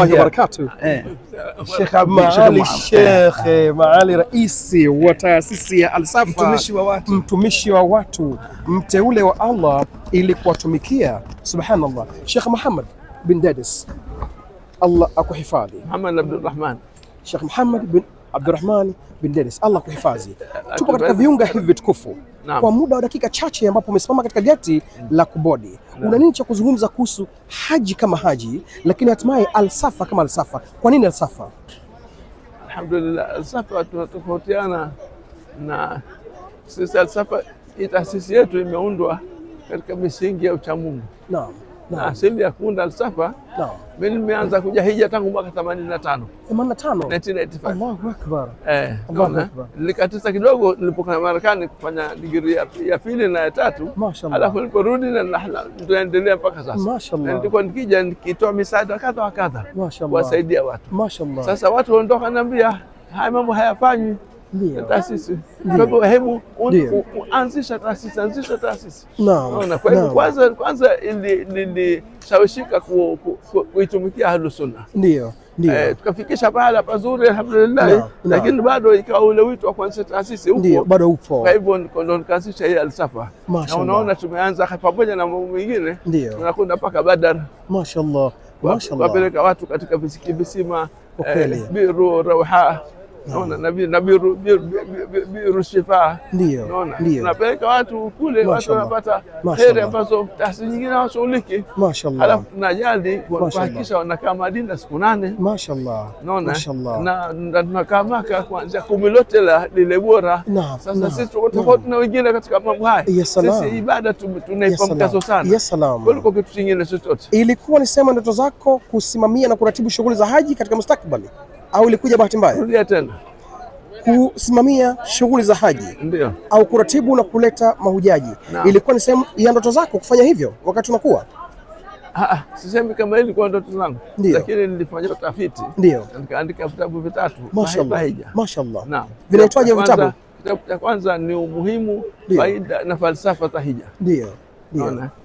Eh. Shekhe eh, Maali, raisi wa taasisi ya Alsafa, mtumishi wa watu, mtumishi wa watu, mteule wa Allah ili kuwatumikia. Subhanallah, Shekh Muhammad bin Dadis, Allah akuhifadhi. Muhammad Abdurrahman, Shekh Muhammad bin Abdurrahman bin Dadis, Allah akuhifadhi. Eh, Tupo katika viunga hivi vitukufu kwa muda wa dakika chache, ambapo umesimama katika geti la kubodi una nini cha kuzungumza kuhusu haji kama haji, lakini hatimaye alsafa kama alsafa? Kwa nini alsafa? Alhamdulillah, alsafa tunatofautiana na sisi. Alsafa hii taasisi yetu imeundwa katika misingi ya uchamungu. Naam na asili ah, ya kunda Alsafa. mi nimeanza kuja hija tangu mwaka themanini na tano eh, likatisa kidogo nilipokaa Marekani kufanya digiri ya pili na ya tatu, alafu niliporudi na tunaendelea mpaka sasa. nikija nikitoa misaada kadha wa kadha kuwasaidia watu. Sasa watu waondoka, naambia haya mambo hayafanywi taasisi. Hebu anzisha taasisi, anzisha taasisi. Kwa hivyo kwanza kwanza lilishawishika kuitumikia Ahlus Sunna, ndio Eh, tukafikisha pahala pazuri alhamdulillah, lakini bado ikawa ule wito wa kuanzisha taasisi huko bado upo. Kwa hivyo ndo nikaanzisha hii Alsafa, na unaona tumeanza pamoja na mambo mengine, tunakwenda mpaka Badar, mashaallah, wapeleka watu katika visiki visima, eh, Biru, Rauha na birushifaa ndio napeleka watu kule, watu wanapata heri ambazo taasisi nyingine hawashughuliki. Mashaallah, halafu tunajali kuhakikisha wanakaa Madina siku nane. Mashaallah, naona na tunakaa Maka kuanzia kumi lote la lile bora. Sasa sisi tuko tofauti na wengine katika mambo haya. Sisi ibada tunaipa mkazo sana kuliko kitu kingine chochote. Ilikuwa ni sema ndoto zako kusimamia na kuratibu shughuli za haji katika mustakabali au ilikuja bahati mbaya? Rudia tena. Kusimamia shughuli za haji ndio, au kuratibu na kuleta mahujaji na, ilikuwa ni sehemu ya ndoto zako kufanya hivyo wakati unakuwa? Ah, ah, sisemi kama ilikuwa ndoto zangu, lakini nilifanya utafiti ndio, nikaandika vitabu vitatu. Mashaallah, vinaitwaje vitabu? Kitabu cha kwanza ni umuhimu, faida na falsafa za hija. Ndio.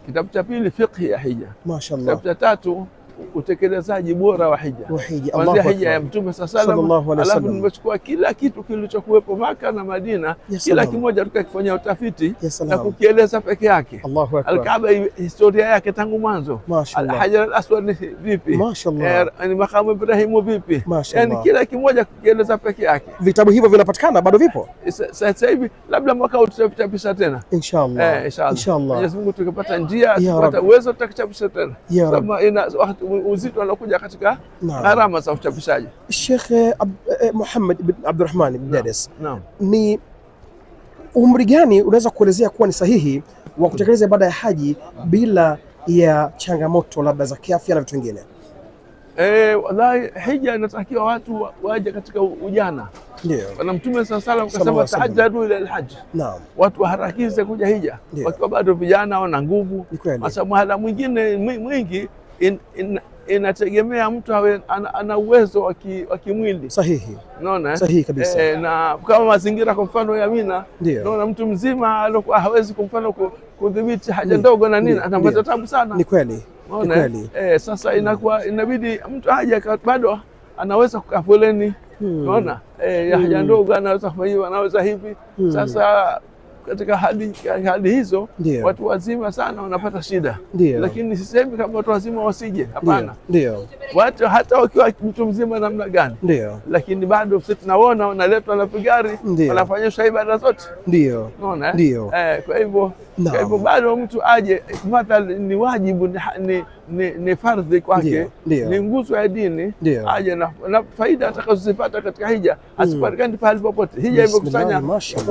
Kitabu cha pili fiqh ya hija. Mashaallah. Kitabu cha tatu utekelezaji bora wa hija kuanzia hija ya Mtume sallallahu alaihi wasallam. Alafu nimechukua kila kitu kilichokuwepo Maka na Madina, kila kimoja tukakifanya utafiti na kukieleza peke yake. Alkaaba historia yake tangu mwanzo, Alhajar Alaswad ni vipi, eh, ni makamu Ibrahimu vipi, yani kila kimoja kukieleza peke yake. Vitabu hivyo vinapatikana bado, vipo sasa eh, hivi, labda mwaka tutachapisha tena eh, inshallah. Mwenyezi Mungu tukipata njia, tukipata uwezo tutachapisha tena uzito unakuja katika gharama za uchapishaji. Sheikh eh, eh Muhammad ibn Abdurrahman bin Dades, ni umri gani unaweza kuelezea kuwa ni sahihi wa kutekeleza ibada ya haji bila ya changamoto labda za kiafya na vitu vingine? Eh, wallahi hija inatakiwa watu waje katika ujana. Ndio. Na Mtume sallallahu alaihi wasallam tahajjadu ila alhajj. Naam. Watu waharakize kuja hija wakiwa bado vijana wana nguvu, kwa sababu mhala mwingine mwingi in, in, inategemea mtu awe ana uwezo wa kimwili sahihi, unaona eh? sahihi kabisa e, na kama mazingira kwa mfano ya Mina, unaona mtu mzima alikuwa hawezi kwa mfano kudhibiti haja ndogo na nini, anapata tabu sana. Ni kweli, ni eh? kweli eh. Sasa inakuwa inabidi mtu aje bado anaweza kukafoleni hmm. unaona hmm. e, haja ndogo anaweza kufanyiwa, anaweza hivi hmm. sasa katika hali, hali hizo Dio. Watu wazima sana wanapata shida Dio. Lakini sisemi kama watu wazima wasije, hapana, watu hata wakiwa mtu mzima namna gani, lakini bado sisi tunaona wanaletwa na vigari wanafanyishwa ibada zote, unaona eh? eh, kwa hivyo kwa hivyo bado mtu aje, mathalan ni wajibu ni, ni, ni, ni fardhi kwake, ni nguzo ya dini Aje na, na faida atakazozipata katika hija mm. asipatikani pahali popote. Hija imekusanya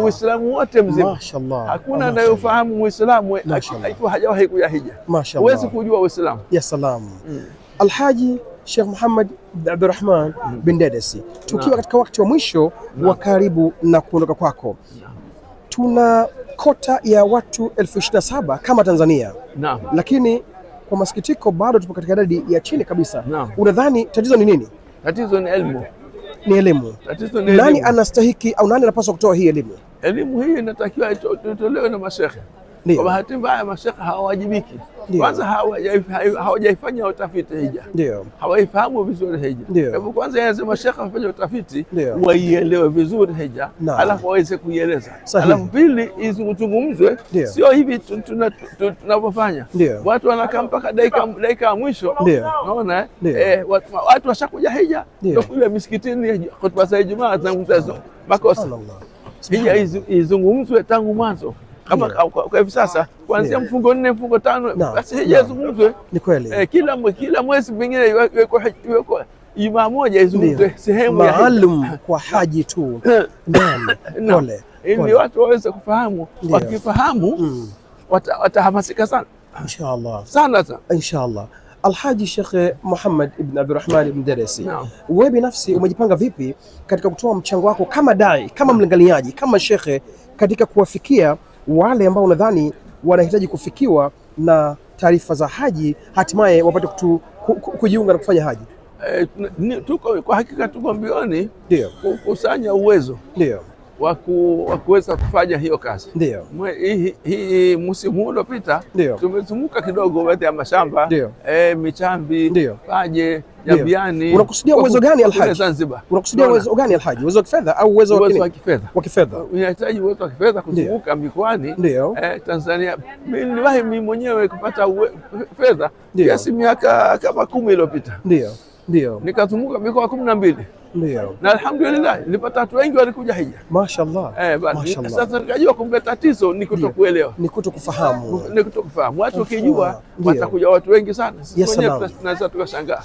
Uislamu wote mzima Mashallah. Hakuna anayofahamu Muislamu akiwa hajawahi hija. Mashallah. Huwezi kujua Uislamu. Ya salam. Mm. Alhaji Sheikh Muhammad Abdurrahman mm. bin Dedesi, tukiwa katika wakati wa mwisho wa karibu na kuondoka kwako, tuna kota ya watu elfu ishirini na saba kama Tanzania na, lakini kwa masikitiko bado tupo katika idadi ya chini kabisa. Unadhani tatizo ni nini? Tatizo ni elimu, ni elimu. Tatizo ni elimu. Nani anastahiki au nani anapaswa kutoa hii elimu? elimu hii inatakiwa itolewe na mashekhe. Kwa bahati mbaya mashekhe hawawajibiki. Kwanza hawajaifanya utafiti hija, hawaifahamu vizuri hija. Hebu kwanza yaze mashekhe wafanye utafiti, waielewe vizuri hija, alafu waweze kuieleza. Alafu pili, izungumzwe, sio hivi tunavyofanya. Watu wanakaa mpaka dakika ya mwisho, naona eh? eh, watu washakuja hija, ndio kule misikitini hotuba za Ijumaa zinazungumza makosa izungumzwe tangu mwanzo kama kwa hivi sasa kuanzia mfungo nne mfungo tano basi hija izungumzwe. Ni kweli, eh, kila mwezi pengine iwekwe Ijumaa moja izungumzwe sehemu maalum kwa haji tu, ili watu waweze kufahamu. Wakifahamu mm. watahamasika sana, inshallah sana sana, inshallah. Alhaji Sheikh Muhammad ibn Abdurrahman ibn Deresi, no. Wewe binafsi umejipanga vipi katika kutoa mchango wako kama dai, kama mlinganiaji kama shekhe katika kuwafikia wale ambao unadhani wanahitaji kufikiwa na taarifa za haji, hatimaye wapate kutu, ku, ku, kujiunga na kufanya haji? E, tuko kwa hakika tuko mbioni kukusanya uwezo ndio waku, wakuweza kufanya hiyo kazi. Ndio hii hi, msimu uliopita tumezunguka kidogo baadhi ya mashamba e, Michambi Paje Jambiani. Unakusudia uwezo gani Alhaji? Zanzibar. Unakusudia uwezo gani Alhaji? Uwezo wa kifedha au uwezo wa kifedha? Wa kifedha. Unahitaji uwezo wa kifedha kuzunguka mikoani eh, Tanzania. Niliwahi mimi mwenyewe kupata fedha kiasi miaka kama kumi iliyopita. Ndio ndio nikazunguka mikoa kumi na mbili ndio na alhamdulillah, nilipata watu wengi walikuja hija, mashaallah. Eh, mashaallah. Sasa nikajua kumbe tatizo ni kutokuelewa, ni kutokufahamu, ni kutokufahamu. Watu ukijua watakuja watu wengi sana, wenyewe tunaweza tukashangaa.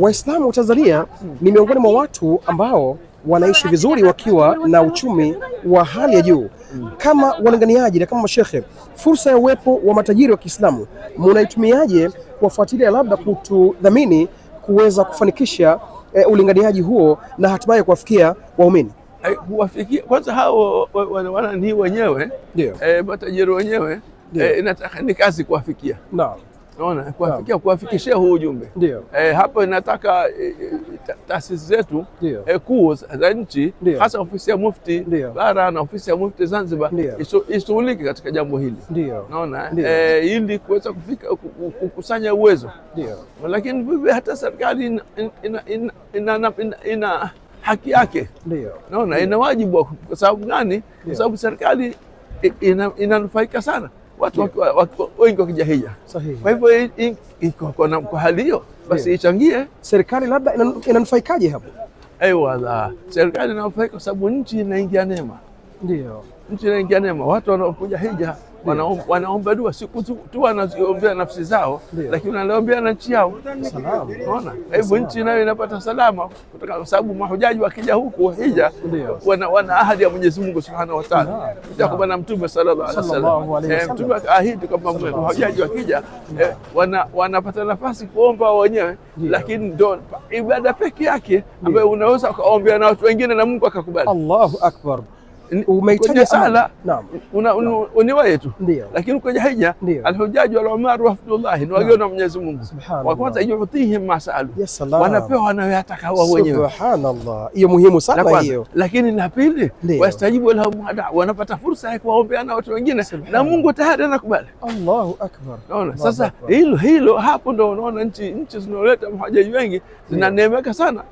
Waislamu Tanzania ni miongoni mwa watu ambao wanaishi vizuri wakiwa na uchumi wa hali ya juu. Kama walinganiaji na kama mashekhe, fursa ya uwepo wa matajiri wa Kiislamu munatumiaje kuwafuatilia, labda kutudhamini kuweza kufanikisha e, ulinganiaji huo na hatimaye kuwafikia waumini kuwafikia kwanza hao wananii wenyewe eh, matajiri wenyewe, eh, inataka ni kazi kuwafikia. no. Unaona, kuwafikia kuwafikishia huu ujumbe ndio. Eh, hapo inataka eh, eh, taasisi zetu eh, kuu za nchi hasa ofisi ya mufti bara na ofisi ya mufti Zanzibar ishughulike katika jambo hili ndio. Unaona, ili kuweza kufika kukusanya uwezo ndio, lakini hata serikali ina, ina, ina, ina, ina, ina, ina haki yake naona, ina wajibu. Kwa sababu gani? Kwa sababu serikali inanufaika ina sana watu wengi wakija hija. Kwa hivyo kwa hali hiyo basi ichangie serikali, labda inanufaikaje hapo? Aiwa, serikali inanufaika kwa sababu nchi inaingia neema, ndio nchi inaingia neema, watu wanaokuja hija wanaomba dua siku tu wanaziombea nafsi zao, lakini wanaombea na nchi yao. Unaona, hivyo nchi nayo inapata salama, kwa sababu mahujaji wakija huku hija wana, wana ahadi ya Mwenyezi Mungu Subhanahu wa Ta'ala, kwa na Mtume sallallahu alaihi wasallam. Eh, mtume akaahidi kwamba mahujaji wakija eh, wanapata nafasi kuomba wenyewe, lakini ndio ibada peke yake ambayo unaweza ukaombea na watu wengine na Mungu akakubali. Allahu akbar umehitaji sala wenyewe tu, lakini kwenye hija alhujaji wal umaru wafdullahi ni wageni wa Mwenyezi Mungu wa kwanza, yutihim masalu, wanapewa wanayotaka wao wenyewe. Subhanallah, hiyo muhimu sana hiyo. Lakini na pili, wastajibu lahum ada, wanapata fursa ya kuwaombeana watu wengine na Mungu tayari anakubali. Allahu akbar! Unaona sasa hilo hilo, hapo ndo unaona nchi nchi zinazoleta mahujaji wengi zinaneemeka sana,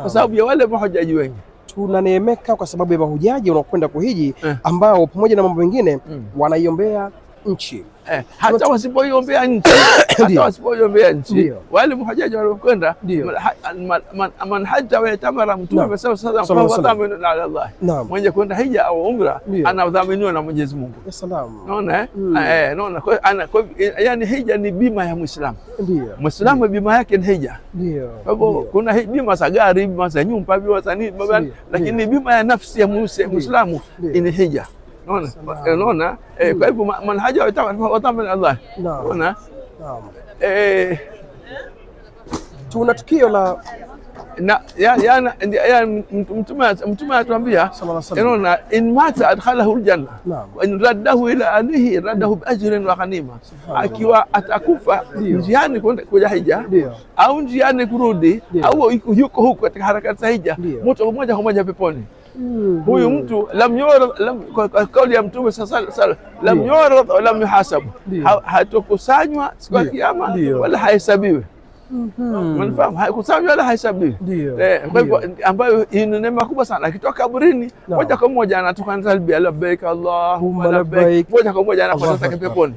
kwa sababu ya wale mahujaji wengi tunaneemeka kwa sababu ya mahujaji wanaokwenda kuhiji eh. ambao pamoja na mambo mengine mm. wanaiombea nchi eh, hata wasipoiombea nchi hata wasipoiombea nchi wale mahujaji waliokwenda man haja waitamara, Mtume amesema sasa Allah, mwenye kwenda hija au umra anadhaminiwa na Mwenyezi Mungu. Naona eh, mm. eh, eh naona yani hija ni bima ya Muislamu. Muislamu bima yake ni hija. Kwa hivyo kuna bima za gari, bima za nyumba, bima za nini, lakini bima ya nafsi ya Muislamu ni hija unaona. Eh, kwa hivyo manhaja watamani Allah, unaona. Eh. Tuna tukio la Mtume anatuambia unaona, in mata adkhalahu aljanna wa in raddahu ila ahlihi raddahu bi ajrin wa ghanima, akiwa atakufa njiani kuja hija au njiani kurudi au yuko huko katika harakati za hija, moto moja kwa moja peponi. Mm-hmm. Huyu mtu lam kwa kauli ya Mtume lam yuradh yeah. lam yuhasabu, hatokusanywa siku ya Kiyama wala hahesabiwi. Mm-hmm. Mnafahamu, haikusanywa wala hahesabiwi. Eh, kwa hivyo ambayo ni neema kubwa sana, akitoka kaburini moja kwa moja anatoka na talbia labbaik allahumma labbaik, moja kwa moja anakwenda zake peponi.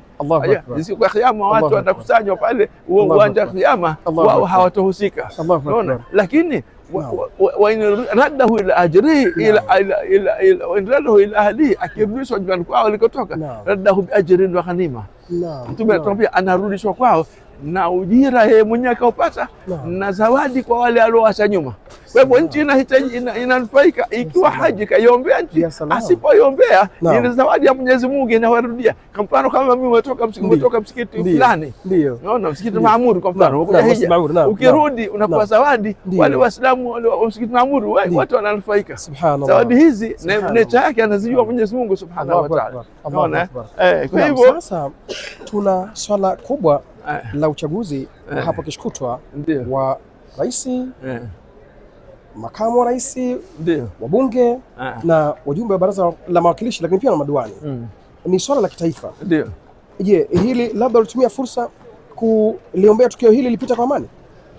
Siku ya Kiyama watu watakusanywa pale uwanja wa Kiyama, wao hawatohusika. Unaona, lakini wain raddahu ila ajrihi wain raddahu ila ahlihi, akirudishwa nyumbani kwao alikotoka raddahu biajrin wa ghanima. Mtume anatuambia anarudishwa kwao na ujira yeye mwenyewe akaupata no. na zawadi kwa wale alioacha nyuma. Kwa hivyo nchi inahitaji inanufaika, ikiwa haji kaiombea nchi, asipoiombea no. ile zawadi ya Mwenyezi Mungu inawarudia. Kwa mfano kama mimi umetoka umetoka msikiti fulani, unaona msikiti Maamuru kwa mfano, ukirudi unakuwa zawadi, wale Waislamu wa msikiti Maamuru watu wananufaika. Zawadi hizi necha yake anazijua Mwenyezi Mungu subhanahu wa taala. Unaona, eh, kwa hivyo tuna swala kubwa Eh. la uchaguzi wa eh. hapo kishkutwa wa rais, eh. makamu wa rais, wabunge ah. na wajumbe wa baraza la mawakilishi, lakini pia na madiwani mm. Ni swala la kitaifa. Je, hili labda ulitumia fursa kuliombea tukio hili lipita kwa amani?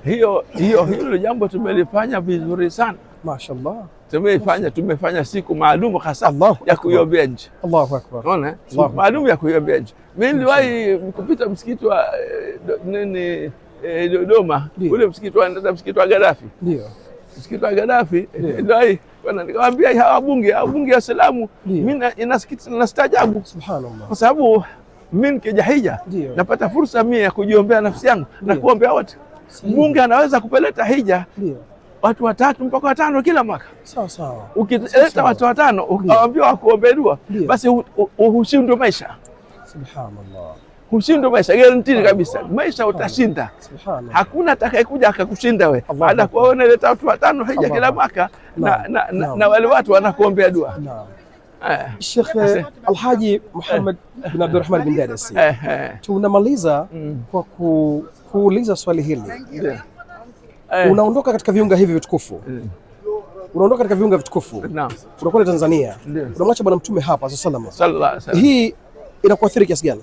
Hiyo, hiyo hilo jambo tumelifanya vizuri sana, mashaallah. Tumefanya tumefanya siku maalum hasa ya kuiombea nje. Allahu Akbar. Unaona? maalum ya kuiombea nje Mimi niliwahi kupita msikiti wa eh, nini eh, Dodoma, ule msikiti wa ndio msikiti wa Gaddafi. Ndio. Msikiti wa Gaddafi eh, ndio nikawaambia hawa bunge, hawa bunge wa salamu, mimi inasikiti na stajabu. Subhanallah. Kwa sababu mimi nikija hija napata fursa mimi ya kujiombea nafsi yangu na kuombea watu. mbunge anaweza kupeleta hija. Ndio watu watatu mpaka watano kila mwaka sawa sawa. Ukileta watu watano ukawaambia wakuombe dua, basi hushindwe maisha. Subhanallah, hushindwe maisha, guarantee kabisa, maisha utashinda. Subhanallah, hakuna atakayekuja akakushinda wewe. Baada ya kuona leta watu watano hija kila mwaka, na wale watu wanakuombea dua. Eh. Sheikh eh, Alhaji Muhammad bin Abdurrahman bin Daresi, eh, tunamaliza mm. kwa kuuliza swali hili eh, unaondoka katika viunga hivi vitukufu eh, unaondoka katika viunga vitukufu nah, unakwenda Tanzania yes, unamwacha Bwana Mtume hapa sallallahu alaihi hii inakuathiri kiasi gani?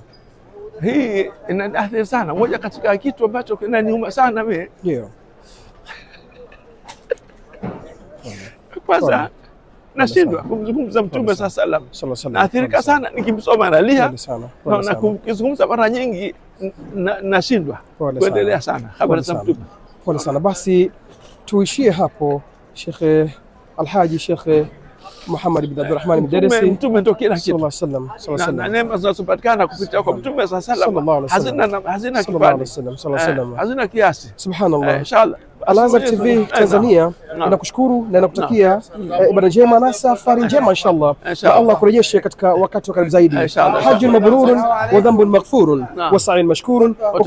Hii inaathiri sana. Moja katika kitu ambacho kinaniuma sana mimi ndio kwanza nashindwa kumzungumza Mtume sa salam, naathirika sana nikimsoma, nalia na kizungumza mara nyingi nashindwa kuendelea sana habari za Mtume. Pole sana. Basi tuishie hapo, Shekhe Alhaji Shekhe Muhammad bin Abdurrahman Mderesi. Mtume ndio kila kitu na neema zinazopatikana kupitia kwa Mtume eh, hazina kiasi. Subhanallah. Eh, inshallah. Al-Azhar TV Tanzania inakushukuru na inakutakia eh, ibada njema na safari njema inshallah, na Allah kurejeshe katika wakati wa karibu zaidi. Hajjun mabrurun wa dhanbun maghfurun wa sa'in mashkurun.